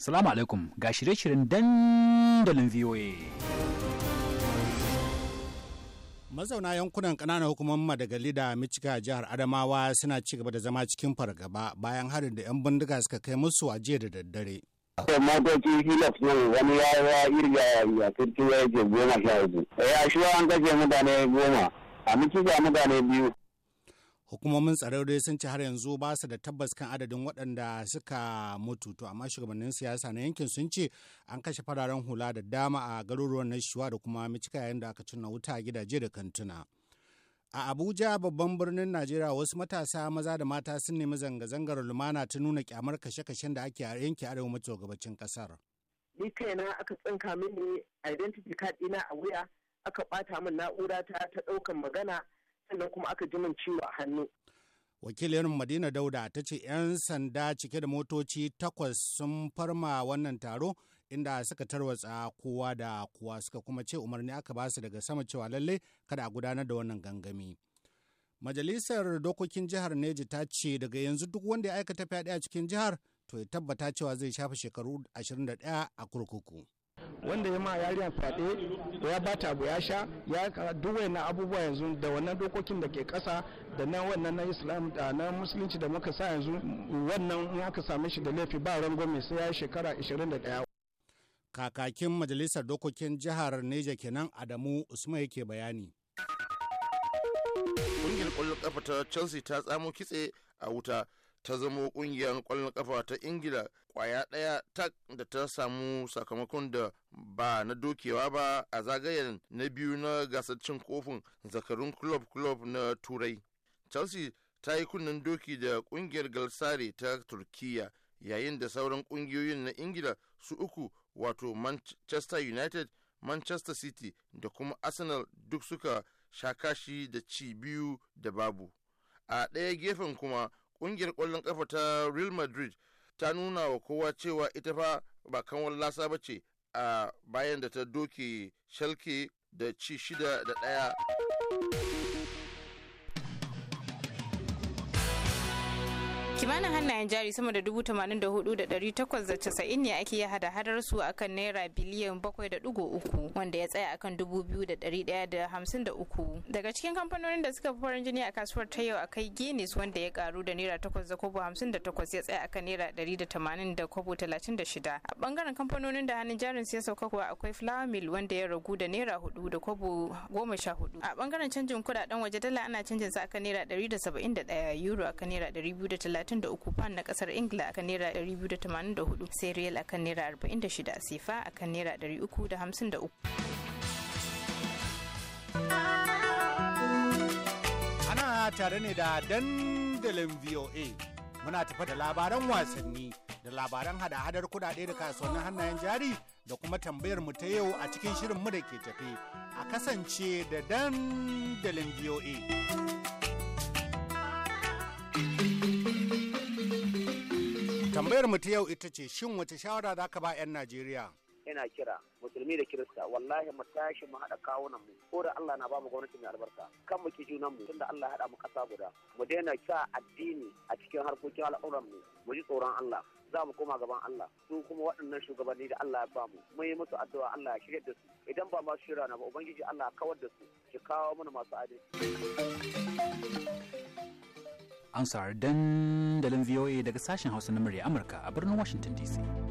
Salamu alaikum ga shirye-shiryen dandalin VOA. Mazauna yankunan ƙananan hukumar Madagali da Michika jihar Adamawa suna ci gaba da zama cikin fargaba bayan harin da 'yan bindiga suka kai musu a jiya da daddare. motoci hilux ne wani ya ya irga ya ya yake goma sha hudu. Ya shi an gaje mutane goma a ga mutane biyu hukumomin tsaron dai sun ci har yanzu ba su da tabbas kan adadin waɗanda suka mutu to amma shugabannin siyasa na yankin sun ce an kashe fararen hula da dama a garuruwan na da kuma micika yayin da aka cinna wuta a gidaje da kantuna a abuja babban birnin najeriya wasu matasa maza da mata sun nemi zanga-zangar lumana ta nuna kyamar kashe-kashen da ake yanke yanki arewa maso gabacin kasar ni kaina aka tsinka mini identity card ɗina a wuya aka ɓata min na'ura ta ta ɗaukan magana sannan kuma aka ji min ciwo a hannu. wakiliyar madina dauda ta ce 'yan sanda cike da motoci takwas sun farma wannan taro inda suka tarwatsa kowa da kowa suka kuma ce umarni aka ba su daga sama cewa lalle kada a gudanar da wannan gangami majalisar dokokin jihar neji ta ce daga yanzu duk wanda ya aikata fyaɗe a cikin jihar to ya tabbata cewa zai shafe shekaru 21 a kurkuku wanda ya ma yarinya fyaɗe ya bata abu ya sha ya duk na abubuwa yanzu da wannan dokokin da ke kasa da na wannan na islam da na musulunci da muka sa yanzu wannan in aka same shi da laifi ba rangwame sai ya yi shekara 21 kakakin majalisar dokokin jihar neja kenan adamu usman yake bayani kungiyar kwallon kafa ta chelsea ta tsamo kitse a wuta ta zamo kungiyar kwallon kafa ta ingila kwaya daya tak da ta samu sakamakon da ba na dokewa ba a zagayen na biyu na gasar cin kofin zakarun club club na turai chelsea ta yi kunnen doki da kungiyar galsare ta turkiya yayin da sauran kungiyoyin na ingila su uku wato manchester united manchester city da kuma arsenal duk suka sha kashi da ci biyu da babu a ɗaya gefen kuma kungiyar kwallon kafa ta Real Madrid ta nuna wa kowa cewa ita fa ba kanwar lasa ba ce a bayan da ta doke shalke da ci shida da ɗaya kimanin hannayen jari sama da dubu tamanin da hudu da dari takwas da casa'in ne ake hada hadar su akan naira biliyan bakwai da dugo uku wanda ya tsaya akan dubu biyu da dari daya da hamsin da uku daga cikin kamfanonin da suka fi farin jini a kasuwar ta yau akai guinness wanda ya karu da naira takwas da kobo hamsin da takwas ya tsaya akan naira dari da tamanin da kobo talatin da shida a bangaren kamfanonin da hannun jarin su ya sauka kuwa akwai flour mill wanda ya ragu da naira hudu da kobo goma sha hudu a bangaren canjin kudaden waje dala ana canjin sa akan naira dari da saba'in da daya euro akan naira dari biyu da talatin 33 pound na kasar ingila akan naira 284 sai real akan naira 46 sifa akan naira 353 ana tare ne da dandalin voa muna tafa da labaran wasanni da labaran hada-hadar kudade da kasuwannin hannayen jari da kuma tambayar mu ta yau a cikin shirin mu da ke tafe a kasance da dandalin voa tambayar mu ta yau ita ce shin wace shawara za ka ba 'yan Najeriya? Ina kira musulmi da kirista wallahi mu tashi mu haɗa kawunan mu ko da Allah na ba mu gwamnati mai albarka kan mu ki junan mu tunda Allah ya haɗa mu ƙasa guda mu daina sa addini a cikin harkokin al'uran mu mu ji tsoron Allah za mu koma gaban Allah su kuma waɗannan shugabanni da Allah ya ba mu mu yi musu addu'a Allah ya shirya da su idan ba masu shirya na ba ubangiji Allah ya kawar da su ki kawo mana masu adalci an dandalin VOA daga sashen Hausa na murya Amurka a birnin Washington DC.